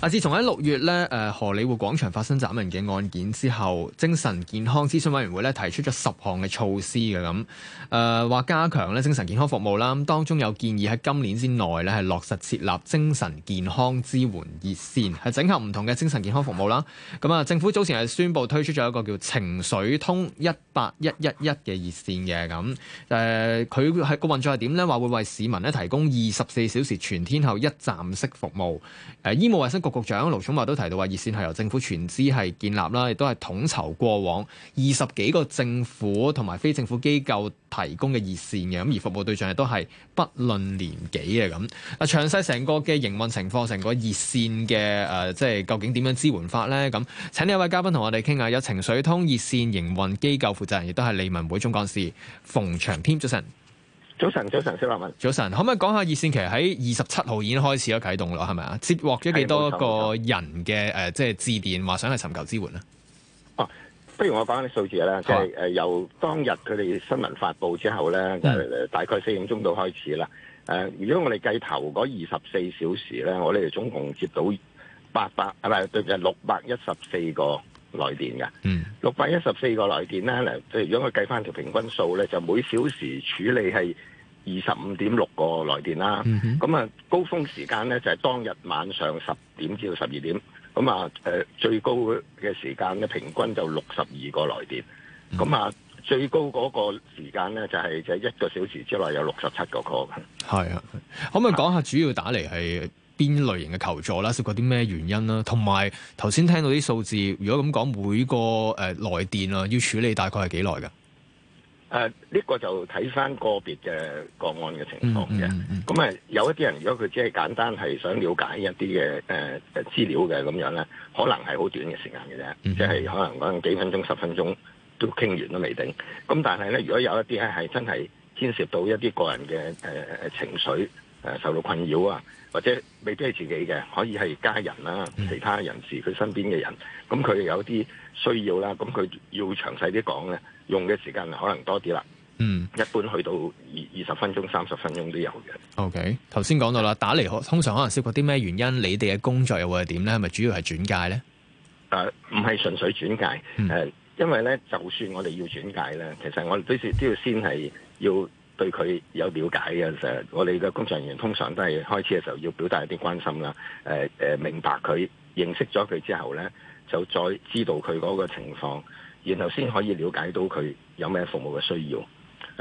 啊！自從喺六月咧，誒荷里活廣場發生斬人嘅案件之後，精神健康諮詢委員會咧提出咗十項嘅措施嘅咁，誒、呃、話加強咧精神健康服務啦。咁當中有建議喺今年之內咧係落實設立精神健康支援熱線，係整合唔同嘅精神健康服務啦。咁啊，政府早前係宣布推出咗一個叫情緒通一八一一一嘅熱線嘅咁，誒佢係個運作係點咧？話會為市民咧提供二十四小時全天候一站式服務。誒，醫務衛生局。局長盧寵茂，都提到話，熱線係由政府全資係建立啦，亦都係統籌過往二十幾個政府同埋非政府機構提供嘅熱線嘅，咁而服務對象亦都係不論年紀嘅咁。啊，詳細成個嘅營運情況，成個熱線嘅誒，即係究竟點樣支援法呢？咁，請呢位嘉賓同我哋傾下，有情緒通熱線營運機構負責人，亦都係利民會總幹事馮祥添，早晨。早晨，早晨，小立文。早晨，可唔可以講下熱線其實喺二十七號已經開始咗啟動啦，係咪啊？接獲咗幾多個人嘅誒、呃，即係致電話想嚟尋求支援咧？哦、啊，不如我講啲數字啦、啊，即係誒、呃、由當日佢哋新聞發佈之後咧、呃，大概四點鐘度開始啦。誒、呃，如果我哋計頭嗰二十四小時咧，我哋總共接到八百啊，唔係對，六百一十四個。來電嘅，六百一十四個來電呢，嗱，即係如果佢計翻條平均數咧，就每小時處理係二十五點六個來電啦。咁、嗯、啊，高峰時間咧就係當日晚上十點至到十二點。咁啊，誒最高嘅時間咧平均就六十二個來電。咁、嗯、啊，最高嗰個時間咧就係就係一個小時之內有六十七個 call 嘅。係啊，可唔可以講下主要打嚟係？邊類型嘅求助啦，涉及啲咩原因啦？同埋頭先聽到啲數字，如果咁講，每個誒來、呃、電啊，要處理大概係幾耐嘅？誒、呃、呢、這個就睇返個別嘅個案嘅情況嘅。咁、嗯、啊、嗯嗯，有一啲人如果佢只係簡單係想了解一啲嘅誒誒資料嘅咁樣咧，可能係好短嘅時間嘅啫，即、嗯、係、就是、可能講幾分鐘、十分鐘都傾完都未定。咁但係咧，如果有一啲咧係真係牽涉到一啲個人嘅誒、呃、情緒。誒受到困擾啊，或者未必係自己嘅，可以係家人啦、嗯、其他人士佢身邊嘅人，咁佢有啲需要啦，咁佢要詳細啲講咧，用嘅時間可能多啲啦。嗯，一般去到二二十分鐘、三十分鐘都有嘅。OK，頭先講到啦，打嚟可通常可能涉及啲咩原因？你哋嘅工作又會係點咧？係咪主要係轉介咧？誒、呃，唔係純粹轉介誒、嗯呃，因為咧，就算我哋要轉介咧，其實我哋都要都要先係要。對佢有了解嘅時候，我哋嘅工作人員通常都係開始嘅時候要表達一啲關心啦。誒、呃、誒，明白佢認識咗佢之後呢，就再知道佢嗰個情況，然後先可以了解到佢有咩服務嘅需要。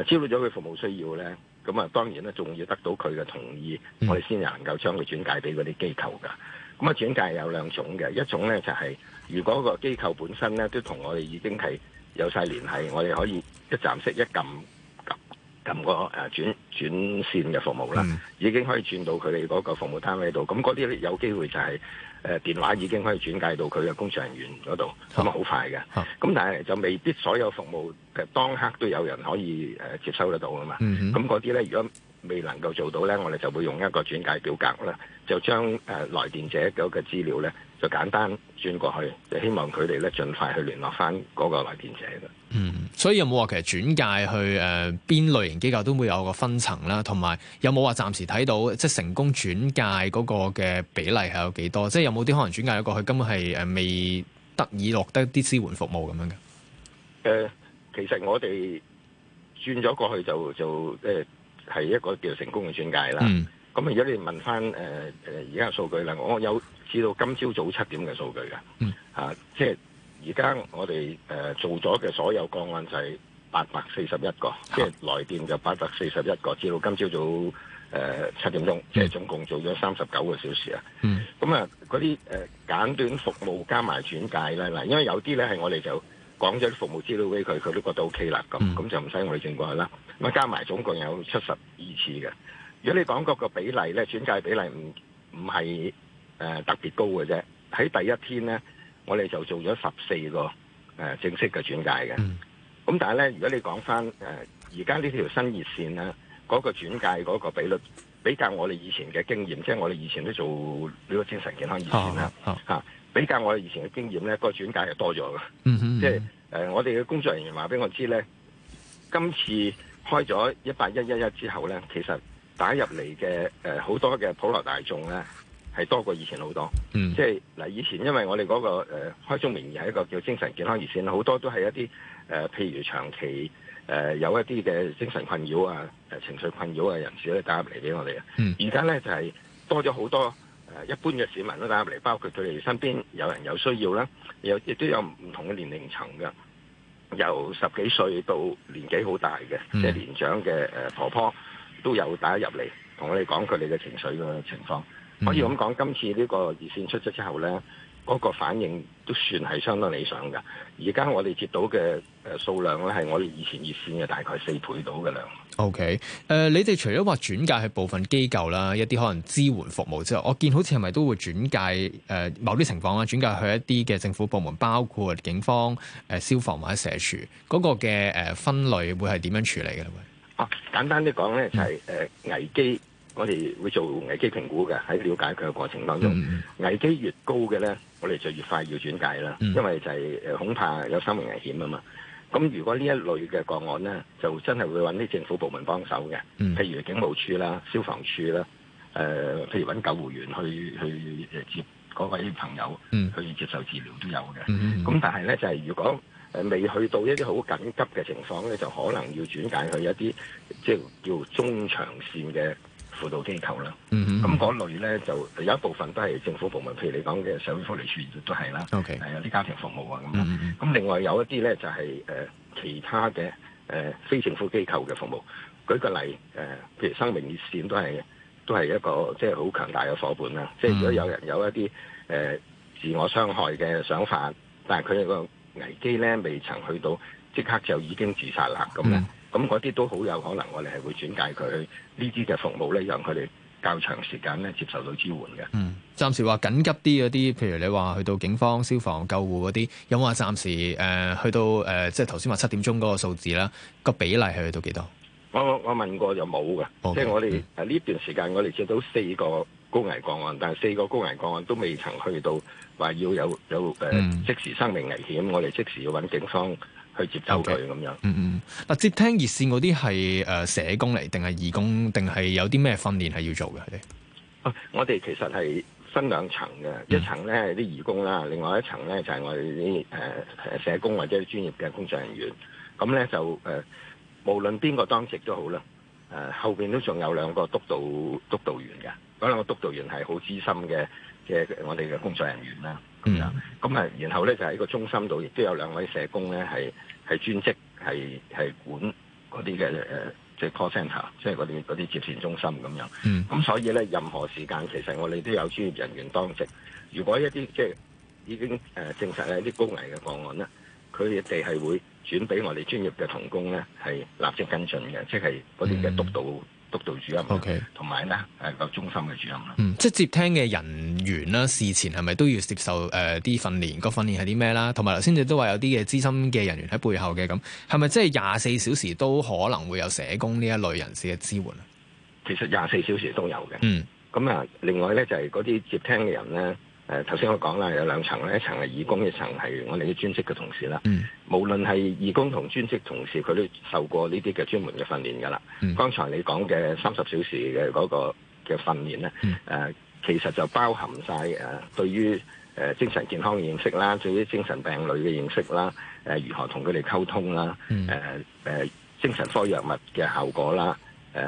知道咗佢服務需要呢，咁啊當然咧仲要得到佢嘅同意，我哋先能夠將佢轉介俾嗰啲機構㗎。咁啊轉介有兩種嘅，一種呢就係、是、如果個機構本身呢都同我哋已經係有晒聯繫，我哋可以一站式一撳，撳個誒轉轉線嘅服務啦、嗯，已經可以轉到佢哋嗰個服務單位度，咁嗰啲咧有機會就係、是、誒、啊、電話已經可以轉介到佢嘅工作人員嗰度，咁啊好快嘅。咁、啊、但係就未必所有服務嘅當刻都有人可以、啊、接收得到啊嘛。咁嗰啲咧如果，未能夠做到呢，我哋就會用一個轉介表格咧，就將誒來電者嗰個資料呢，就簡單轉過去，就希望佢哋呢盡快去聯絡翻嗰個來電者。嗯，所以有冇話其實轉介去誒邊、呃、類型機構都會有個分層啦，同埋有冇話暫時睇到即係成功轉介嗰個嘅比例係有幾多？即係有冇啲可能轉介咗過去？根本係未得以落得啲支援服務咁樣嘅？誒、呃，其實我哋轉咗過去就就誒。呃係一個叫成功嘅轉介啦。咁、嗯、如果你問翻誒誒而家嘅數據啦，我有至到今朝早七點嘅數據㗎、嗯。啊，即係而家我哋誒、呃、做咗嘅所有個案就係八百四十一個，啊、即係來電就八百四十一個，至到今朝早誒七、呃、點鐘、嗯，即係總共做咗三十九個小時、嗯、啊。咁啊，嗰啲誒簡短服務加埋轉介咧，嗱，因為有啲咧係我哋就。講咗啲服務資料俾佢，佢都覺得 O K 啦，咁、嗯、咁就唔使我哋轉過去啦。咁加埋總共有七十二次嘅。如果你講嗰個比例咧，轉介比例唔唔係、呃、特別高嘅啫。喺第一天咧，我哋就做咗十四個、呃、正式嘅轉介嘅。咁、嗯、但係咧，如果你講翻、呃、而家呢條新熱線咧，嗰個轉介嗰個比率比較我哋以前嘅經驗，即係我哋以前都做呢個精神健康熱線啦，嚇。比較我以前嘅經驗咧，個轉介又多咗嘅、嗯嗯，即係誒、呃，我哋嘅工作人員話俾我知咧，今次開咗一八一一一之後咧，其實打入嚟嘅誒好多嘅普羅大眾咧，係多過以前好多，嗯、即係嗱、呃，以前因為我哋嗰、個誒、呃、開宗明義係一個叫精神健康熱線，好多都係一啲誒、呃，譬如長期誒、呃、有一啲嘅精神困擾啊、誒、呃、情緒困擾啊人士咧打入嚟俾我哋，而家咧就係、係、多咗好多。一般嘅市民都打入嚟，包括佢哋身邊有人有需要啦，有亦都有唔同嘅年齡層嘅，由十幾歲到年紀好大嘅，即係、mm. 年長嘅婆婆都有打入嚟，同我哋講佢哋嘅情緒嘅情況。可以咁講，今次呢個熱線出咗之後呢，嗰個反應都算係相當理想嘅。而家我哋接到嘅數量呢，係我哋以前熱線嘅大概四倍到嘅量。O、okay. K.、呃、你哋除咗話轉介去部分機構啦，一啲可能支援服務之後，我見好似係咪都會轉介、呃、某啲情況啦，轉介去一啲嘅政府部門，包括警方、呃、消防或者社署嗰、那個嘅、呃、分類會係點樣處理嘅咧？哦、啊，簡單啲講咧，係、就是、危機，嗯、我哋會做危機評估嘅喺了解佢嘅過程當中，嗯、危機越高嘅咧，我哋就越快要轉介啦，因為就係恐怕有生命危險啊嘛。咁如果呢一類嘅個案咧，就真係會搵啲政府部門幫手嘅，譬如警務處啦、消防處啦，誒、呃，譬如搵救護員去去誒接嗰位朋友去接受治療都有嘅。咁、嗯嗯嗯、但係咧就係、是、如果誒未去到一啲好緊急嘅情況咧，就可能要轉介去一啲即係叫中長線嘅輔導機構啦，咁、mm-hmm. 嗰類咧就有一部分都係政府部門，譬如你講嘅社會福利署都係啦，係、okay. 有啲家庭服務啊咁，咁另外有一啲咧就係、是、誒、呃、其他嘅誒、呃、非政府機構嘅服務。舉個例誒、呃，譬如生命熱線都係都係一個即係好強大嘅伙伴啦。即係如果有人有一啲誒、呃、自我傷害嘅想法，但係佢個危機咧未曾去到，即刻就已經自殺啦咁咧。Mm-hmm. 咁嗰啲都好有可能，我哋係會轉介佢呢啲嘅服務咧，讓佢哋較長時間咧接受到支援嘅。嗯，暫時話緊急啲嗰啲，譬如你話去到警方、消防、救護嗰啲，有冇話暫時、呃、去到、呃、即係頭先話七點鐘嗰個數字啦？個比例係去到幾多？我我我問過有冇㗎、哦？即係我哋呢段時間我哋接到四個高危個案，但係四個高危個案都未曾去到話要有有、呃嗯、即時生命危險，我哋即時要揾警方。去接收佢咁樣，嗯嗯，嗱，接聽熱線嗰啲係誒社工嚟，定係義工，定係有啲咩訓練係要做嘅？我哋其實係分兩層嘅，一層咧係啲義工啦，另外一層咧就係我哋啲誒社工或者專業嘅工作人員。咁咧就誒，無論邊個當值都好啦，誒後邊都仲有兩個督導督導員嘅，嗰兩個督導員係好資深嘅嘅我哋嘅工作人員啦。嗯，咁啊，然後咧就喺個中心度，亦都有兩位社工咧，係係專職係係管嗰啲嘅，誒，即係 call centre 即係嗰啲嗰啲接線中心咁樣。嗯，咁所以咧，任何時間其實我哋都有專業人員當值。如果一啲即係已經誒證實咧，一啲高危嘅個案咧，佢哋係會轉俾我哋專業嘅同工咧，係立即跟進嘅，即係嗰啲嘅督導督導主任，同埋咧誒個中心嘅主任嗯，即係接聽嘅人員啦，事前係咪都要接受誒啲、呃、訓練？個訓練係啲咩啦？同埋頭先你都話有啲嘅資深嘅人員喺背後嘅咁，係咪即係廿四小時都可能會有社工呢一類人士嘅支援啊？其實廿四小時都有嘅。嗯。咁啊，另外呢，就係嗰啲接聽嘅人呢。誒頭先我講啦，有兩層咧，一層係義工，一層係我哋啲專職嘅同事啦、嗯。無論係義工同專職同事，佢都受過呢啲嘅專門嘅訓練㗎啦、嗯。剛才你講嘅三十小時嘅嗰個嘅訓練咧，誒、嗯呃、其實就包含晒誒、呃、對於誒、呃、精神健康嘅認識啦，對於精神病類嘅認識啦，誒、呃、如何同佢哋溝通啦，誒、嗯、誒、呃、精神科藥物嘅效果啦，誒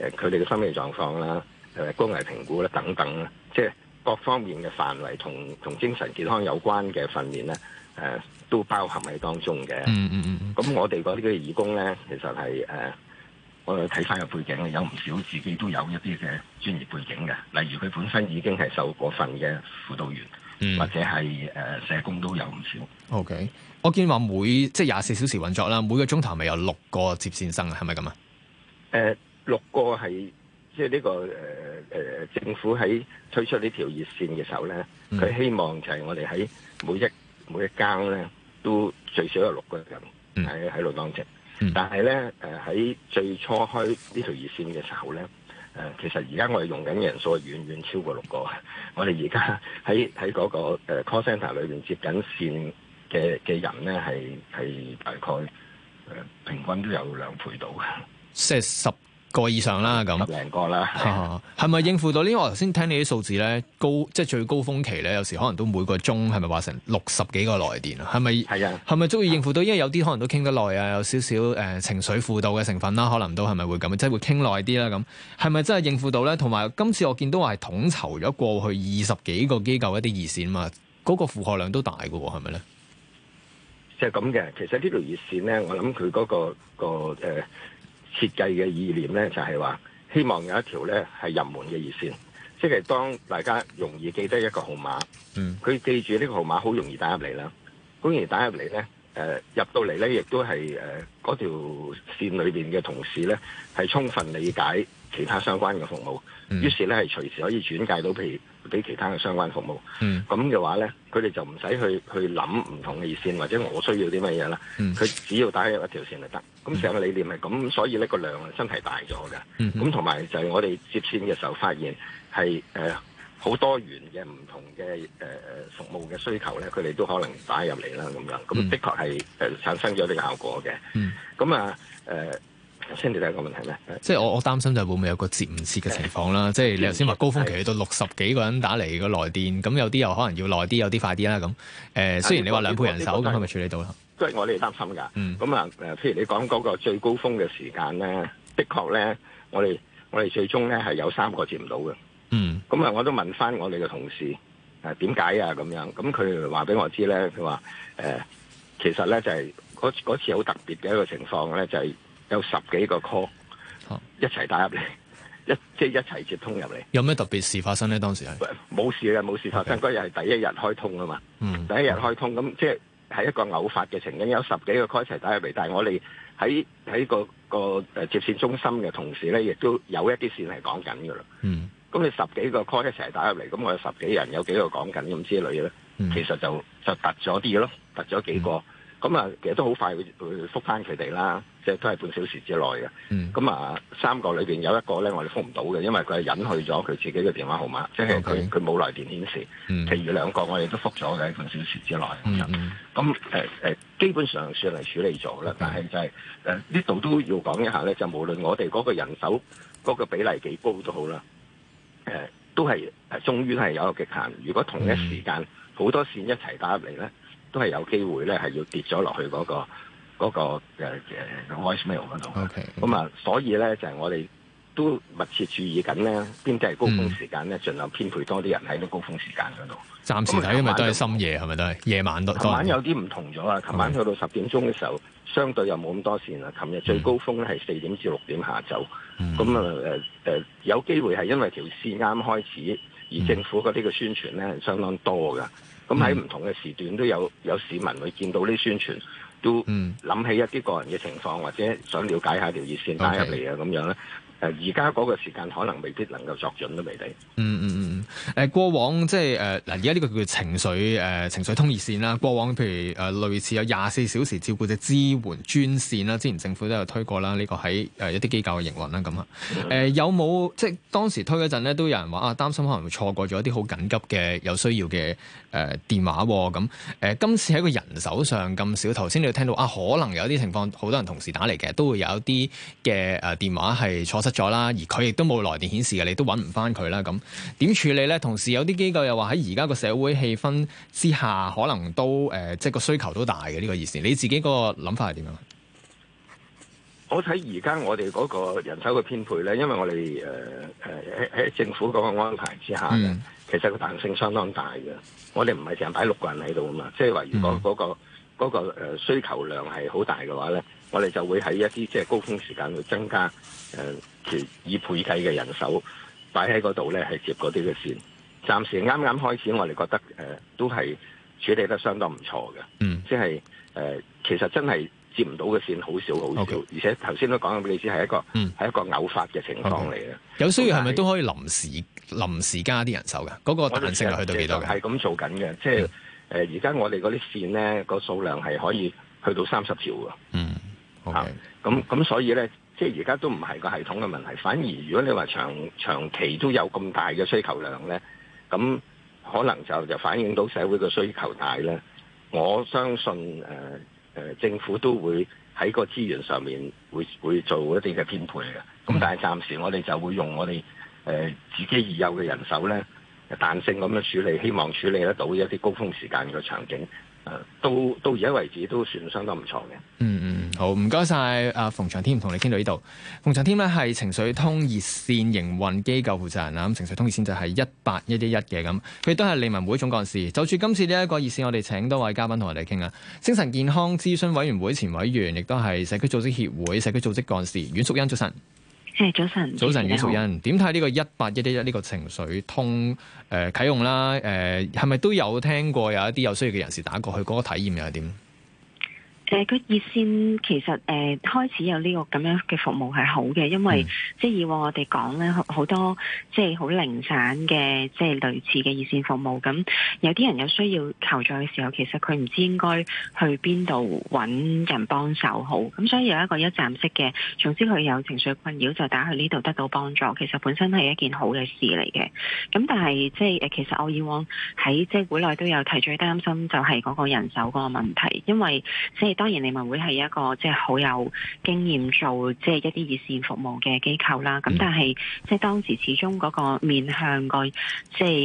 誒佢哋嘅心理狀況啦，誒、呃、高危評估啦等等啦，即係。各方面嘅範圍同同精神健康有關嘅訓練咧，誒、呃、都包含喺當中嘅。嗯嗯嗯。咁、嗯、我哋嗰啲嘅義工咧，其實係誒、呃，我哋睇翻個背景，有唔少自己都有一啲嘅專業背景嘅。例如佢本身已經係受過訓嘅輔導員，嗯、或者係誒、呃、社工都有唔少。OK，我見話每即係廿四小時運作啦，每個鐘頭咪有六個接線生啊？係咪咁啊？誒、呃，六個係。即係呢個誒誒、呃、政府喺推出呢條熱線嘅時候咧，佢、嗯、希望就係我哋喺每一每一更咧都最少有六個人喺喺度當值、嗯。但係咧誒喺最初開呢條熱線嘅時候咧，誒、呃、其實而家我哋用緊嘅人數係遠遠超過六個。我哋而家喺喺嗰個 call centre e 裏邊接緊線嘅嘅人咧係係大概誒、呃、平均都有兩倍到嘅。四十個以上啦，咁零個啦，係咪應付到呢？因為我頭先聽你啲數字咧，高即係最高峰期咧，有時可能都每個鐘係咪話成六十幾個來電啊？係咪係啊？係咪足以應付到？因為有啲可能都傾得耐啊，有少少誒情緒輔導嘅成分啦，可能都係咪會咁即係會傾耐啲啦，咁係咪真係應付到咧？同埋今次我見到話係統籌咗過去二十幾個機構一啲熱線嘛，嗰個負荷量都大嘅喎，係咪咧？即係咁嘅。其實呢條熱線咧，我諗佢嗰個個誒設計嘅意念咧，就係話希望有一條咧係入門嘅熱線，即係當大家容易記得一個號碼，嗯，佢記住呢個號碼好容易打入嚟啦。好容易打入嚟咧，誒入到嚟咧，亦都係誒嗰條線裏邊嘅同事咧，係充分理解其他相關嘅服務，於是咧係隨時可以轉介到譬如，俾其他嘅相關服務，咁、嗯、嘅話咧，佢哋就唔使去去諗唔同嘅線，或者我需要啲乜嘢啦。佢、嗯、只要打入一條線就得，咁、嗯、成個理念係咁，所以呢個量啊真係大咗嘅。咁同埋就係我哋接線嘅時候，發現係誒好多元嘅唔同嘅誒、呃、服務嘅需求咧，佢哋都可能打入嚟啦咁樣。咁的確係誒產生咗啲效果嘅。咁啊誒。先至第一個問題咩？即係我我擔心就係會唔會有一個接唔切嘅情況啦。即係你頭先話高峰期去到六十幾個人打嚟個來電，咁有啲又可能要耐啲，有啲快啲啦。咁、呃、誒，雖然你話兩倍人手，咁係咪處理到咧？即係我哋擔心噶。咁啊誒，譬如你講嗰個最高峰嘅時間咧，的確咧，我哋我哋最終咧係有三個接唔到嘅。嗯。咁啊，我都問翻我哋嘅同事誒，點解啊咁樣？咁佢話俾我知咧，佢話誒，其實咧就係、係、嗰次好特別嘅一個情況咧、就係，就係。有十幾個 call 一齊打入嚟，一即係一齊接通入嚟。有咩特別事發生咧？當時係冇事嘅，冇事發生。嗰日係第一日開通啊嘛、嗯，第一日開通咁即係係一個偶發嘅情景。有十幾個 call 一齊打入嚟，但係我哋喺喺個個接線中心嘅同時咧，亦都有一啲線係講緊㗎啦。咁、嗯、你十幾個 call 一齊打入嚟，咁我有十幾人有幾個講緊咁之類嘅咧、嗯，其實就就突咗啲嘅咯，突咗幾個。嗯咁啊，其實都好快會會復翻佢哋啦，即係都係半小時之內嘅。咁、嗯、啊，三個裏邊有一個咧，我哋復唔到嘅，因為佢係隱去咗佢自己嘅電話號碼，okay, 即係佢佢冇來電顯示。嗯，其餘兩個我哋都復咗嘅，半小時之內。咁誒誒，基本上算理處理咗啦、嗯，但係就係誒呢度都要講一下咧，就無論我哋嗰個人手嗰、那個比例幾高都好啦，誒、呃、都係誒終於係有一個極限。如果同一時間好、嗯、多線一齊打入嚟咧。都係有機會咧、那個，係要跌咗落去嗰個嗰、那個誒 voice mail 嗰度。咁、那、啊、個那個那個那個 okay, okay，所以咧就係、是、我哋都密切注意緊咧，邊啲係高峰時間咧，儘、嗯、量編配多啲人喺啲高峰時間嗰度。暫時睇，因為咪都係深夜係咪都係夜晚多？晚，都晚有啲唔同咗啊！琴、嗯、晚去到十點鐘嘅時候，okay. 相對又冇咁多線啦。琴日最高峰咧係四點至六點下晝。咁啊誒誒，有機會係因為條線啱開始，而政府嘅呢個宣傳咧係、嗯、相當多㗎。咁喺唔同嘅時段都有有市民會見到呢宣傳。都諗起一啲個人嘅情況，或者想了解下條熱線打入嚟啊，咁樣咧。誒，而家嗰個時間可能未必能夠作準都未定。嗯嗯嗯誒，過往即係誒嗱，而家呢個叫做情緒誒、呃、情緒通熱線啦。過往譬如誒、呃、類似有廿四小時照顧者支援專線啦，之前政府都有推過啦。呢、呢個喺誒一啲機構嘅營運啦咁啊。誒、嗯呃、有冇即係當時推嗰陣咧，都有人話啊擔心可能會錯過咗一啲好緊急嘅有需要嘅誒、呃、電話咁。誒、呃、今次喺個人手上咁少，頭先你。聽到啊，可能有啲情況，好多人同時打嚟嘅，都會有啲嘅誒電話係錯失咗啦，而佢亦都冇來電顯示嘅，你都揾唔翻佢啦。咁點處理咧？同時有啲機構又話喺而家個社會氣氛之下，可能都誒，即、呃、係個需求都大嘅呢個意思。你自己嗰個諗法係點樣？我睇而家我哋嗰個人手嘅編配咧，因為我哋誒誒喺政府嗰個安排之下、嗯、其實個彈性相當大嘅。我哋唔係成日擺六個人喺度啊嘛，即係話如果嗰個。嗯嗰個嗰、那個需求量係好大嘅話咧，我哋就會喺一啲即係高峰時間去增加其、呃、以倍計嘅人手擺喺嗰度咧，係接嗰啲嘅線。暫時啱啱開始，我哋覺得誒、呃、都係處理得相當唔錯嘅，嗯，即係誒、呃、其實真係接唔到嘅線好少好少，Okay. 而且頭先都講咗俾你知係一個係、嗯、一個偶發嘅情況嚟嘅。Okay. 有需要係咪都可以臨時臨時加啲人手嘅？嗰、那個彈性係去到幾多嘅？係咁做緊嘅，即誒，而家我哋嗰啲線咧，個數量係可以去到三十條嘅，嗯，嚇、okay. 啊，咁咁所以咧，即係而家都唔係個系統嘅問題，反而如果你話長，長期都有咁大嘅需求量咧，咁可能就就反映到社會嘅需求大咧。我相信誒、呃呃、政府都會喺個資源上面會會做一定嘅編配嘅，咁但係暫時我哋就會用我哋誒、呃、自己已有嘅人手咧。彈性咁樣處理，希望處理得到一啲高峰時間嘅場景，誒，到到而家為止都算相當唔錯嘅。嗯嗯，好，唔該晒，阿馮祥添，唔同你傾到呢度。馮祥添呢係情緒通熱線營運機構負責人啊，咁情緒通熱線就係一八一一一嘅，咁，佢都係利民會總幹事。就住今次呢一個熱線，我哋請多位嘉賓同我哋傾啊。精神健康諮詢委員會前委員，亦都係社區組織協會社區組織幹事，阮淑茵出，早晨。誒，早晨，早晨，阮淑茵，點睇呢個一八一一一呢個情緒通誒、呃、啟用啦？誒、呃，係咪都有聽過？有一啲有需要嘅人士打過去，嗰個體驗又係點？誒，佢熱線其實誒開始有呢個咁樣嘅服務係好嘅，因為即係以往我哋講咧，好多即係好零散嘅，即係類似嘅熱線服務。咁有啲人有需要求助嘅時候，其實佢唔知應該去邊度揾人幫手好。咁所以有一個一站式嘅，總之佢有情緒困擾就打去呢度得到幫助。其實本身係一件好嘅事嚟嘅。咁但係即係誒，其實我以往喺即係會內都有提，最擔心就係嗰個人手嗰個問題，因為即係。當然，利民會係一個即係好有經驗做即係一啲熱線服務嘅機構啦。咁但係即係當時始終嗰個面向個即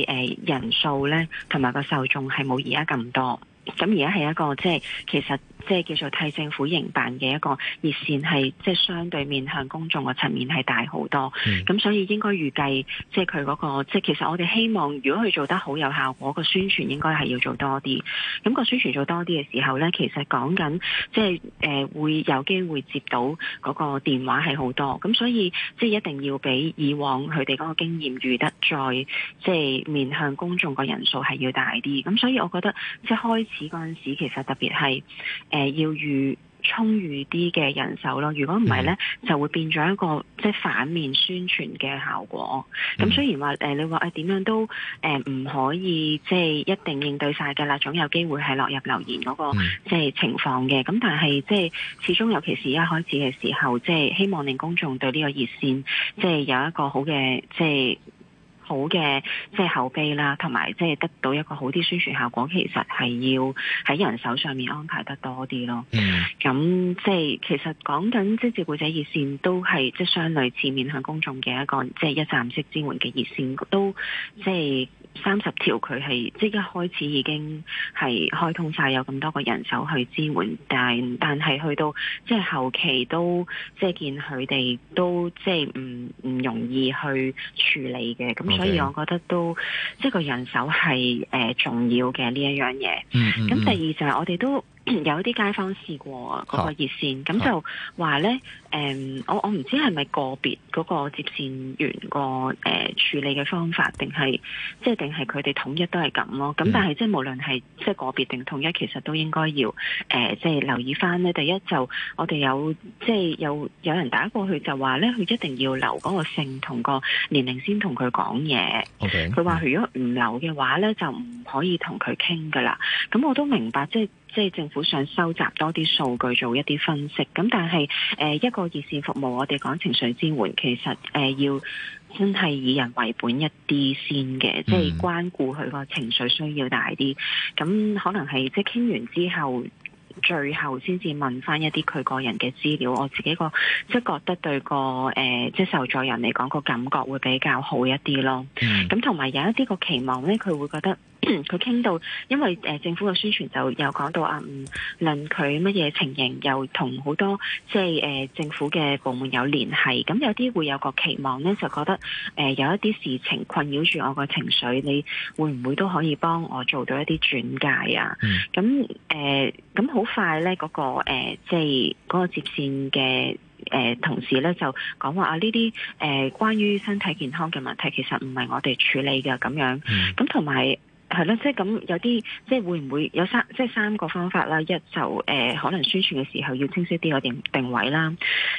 係人數咧，同埋個受眾係冇而家咁多。咁而家係一個即係其實即係叫做替政府營辦嘅一個熱線，係即係相對面向公眾嘅層面係大好多。咁、嗯、所以應該預計即係佢嗰個即係其實我哋希望，如果佢做得好有效果，個宣傳應該係要做多啲。咁個宣傳做多啲嘅時候咧，其實講緊即係誒會有機會接到嗰個電話係好多。咁所以即係一定要比以往佢哋嗰個經驗預得再即係面向公眾個人數係要大啲。咁所以我覺得即係開。此嗰陣時，其實特別係誒、呃、要預充裕啲嘅人手咯。如果唔係呢，就會變咗一個即係反面宣傳嘅效果。咁雖然話誒、呃，你話誒點樣都誒唔、呃、可以即係一定應對晒㗎啦，總有機會係落入留言嗰、那個、嗯、即係情況嘅。咁但係即係始終，尤其是一開始嘅時候，即係希望令公眾對呢個熱線即係有一個好嘅即係。好嘅，即係口碑啦，同埋即係得到一個好啲宣傳效果，其實係要喺人手上面安排得多啲咯。咁、嗯、即係其實講緊即係照顧者熱線都，都係即係相類似面向公眾嘅一個即係一站式支援嘅熱線，都即係。嗯三十條佢係即一開始已經係開通曬，有咁多個人手去支援，但但係去到即係後期都即係見佢哋都即係唔唔容易去處理嘅。咁所以我覺得都、okay. 即係個人手係、呃、重要嘅呢一樣嘢。咁、mm-hmm. 第二就係我哋都。有啲街坊試過嗰、那個熱線，咁、啊、就話呢，誒、啊嗯，我我唔知係咪個別嗰個接線員個誒、呃、處理嘅方法，定係即係定係佢哋統一都係咁咯。咁但係即係無論係即係個別定統一，其實都應該要誒即係留意翻呢，第一就我哋有即係有有人打過去就話呢，佢一定要留嗰個姓同個年齡先同佢講嘢。佢、okay，話如果唔留嘅話呢，就唔可以同佢傾噶啦。咁我都明白即係。就是即、就、係、是、政府想收集多啲數據做一啲分析，咁但係誒、呃、一個熱線服務，我哋講情緒支援，其實誒、呃、要真係以人為本一啲先嘅，即、就、係、是、關顧佢個情緒需要大啲。咁可能係即係傾完之後，最後先至問翻一啲佢個人嘅資料。我自己個即係覺得對個誒、呃、即係受助人嚟講，個感覺會比較好一啲咯。咁同埋有一啲個期望咧，佢會覺得。佢、嗯、傾到，因為誒、呃、政府嘅宣傳就又講到啊，無、嗯、論佢乜嘢情形，又同好多即係誒政府嘅部門有聯繫，咁有啲會有個期望呢，就覺得誒、呃、有一啲事情困擾住我個情緒，你會唔會都可以幫我做到一啲轉介啊？咁、嗯、誒，咁好、呃、快呢，嗰、嗰個即係嗰個接線嘅誒、呃、同事呢，就講話啊，呢啲誒關於身體健康嘅問題，其實唔係我哋處理嘅咁樣，咁同埋。係啦，即係咁有啲，即係會唔會有三，即係三個方法啦。一就誒，可能宣傳嘅時候要清晰啲個定定位啦。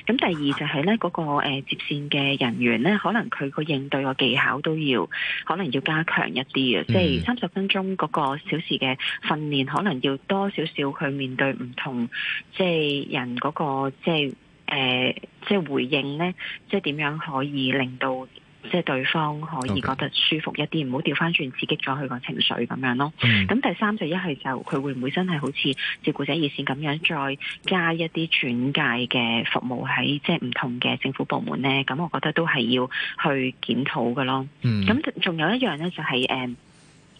咁第二就係咧，嗰個接線嘅人員咧，可能佢個應對個技巧都要，可能要加強一啲嘅。即係三十分鐘嗰個小時嘅訓練，可能要多少少去面對唔同即係人嗰個即係誒，即係回應咧，即係點樣可以令到。即、就、係、是、對方可以覺得舒服一啲，唔好掉返轉刺激咗佢個情緒咁樣咯。咁、mm-hmm. 第三就一係就佢會唔會真係好似照顧者熱線咁樣再加一啲轉介嘅服務喺即係唔同嘅政府部門呢？咁我覺得都係要去檢討㗎咯。咁、mm-hmm. 仲有一樣呢，就係、是 um,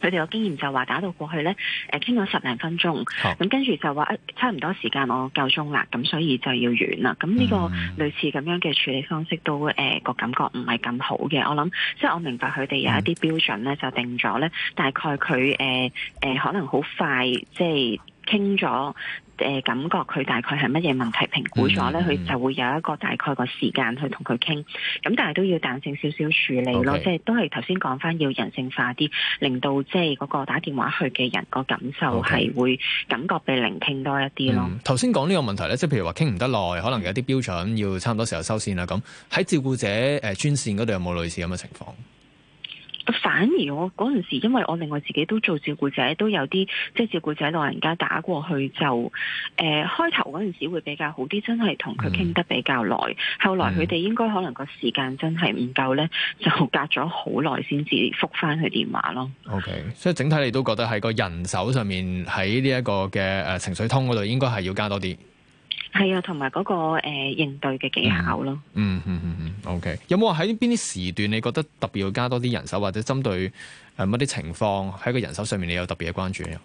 佢哋嘅經驗就話打到過去呢，誒傾咗十零分鐘，咁跟住就話一、欸、差唔多時間我夠鐘啦，咁所以就要完啦。咁呢個類似咁樣嘅處理方式都誒、呃、個感覺唔係咁好嘅。我諗即係我明白佢哋有一啲標準呢，就定咗呢大概佢誒誒可能好快即係傾咗。誒、呃、感覺佢大概係乜嘢問題？評估咗咧，佢、嗯嗯、就會有一個大概個時間去同佢傾。咁、嗯、但係都要彈性少少處理咯，okay. 即係都係頭先講翻要人性化啲，令到即係嗰個打電話去嘅人個感受係會感覺被聆聽多一啲咯。頭先講呢個問題咧，即係譬如話傾唔得耐，可能有啲標準要差唔多時候收線啦。咁喺照顧者誒、呃、專線嗰度有冇類似咁嘅情況？反而我嗰陣時，因為我另外自己都做照顧者，都有啲即係照顧者老人家打過去就，誒開頭嗰陣時會比較好啲，真係同佢傾得比較耐，嗯。後來佢哋應該可能個時間真係唔夠咧，就隔咗好耐先至復翻佢電話咯。OK，所以整體你都覺得喺個人手上面，喺呢一個嘅誒情緒通嗰度應該係要加多啲。係啊，同埋嗰個誒、呃、應對嘅技巧咯。嗯嗯嗯嗯，OK。有冇話喺邊啲時段，你覺得特別要加多啲人手，或者針對誒乜啲情況喺個人手上面，你有特別嘅關注呢？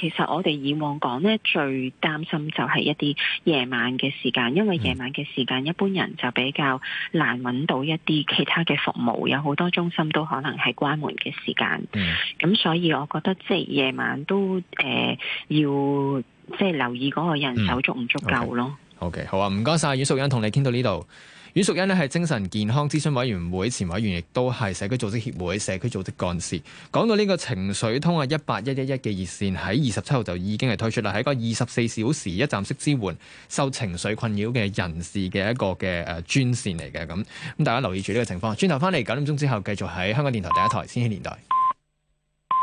其實我哋以往講呢，最擔心就係一啲夜晚嘅時間，因為夜晚嘅時間，嗯，一般人就比較難揾到一啲其他嘅服務，有好多中心都可能係關門嘅時間。咁、嗯、所以，我覺得即係夜晚都、呃、要。即係留意嗰個人手足唔足夠咯、嗯。好嘅，好啊，唔該晒阮淑欣，同你傾到呢度。阮淑欣咧係精神健康諮詢委員會前委員，亦都係社區組織協會社區組織幹事。講到呢個情緒通啊，一八一一一嘅熱線喺二十七號就已經係推出啦，係一個二十四小時一站式支援受情緒困擾嘅人士嘅一個嘅誒專線嚟嘅。咁咁大家留意住呢個情況。轉頭翻嚟九點鐘之後，繼續喺香港電台第一台《千禧年代》。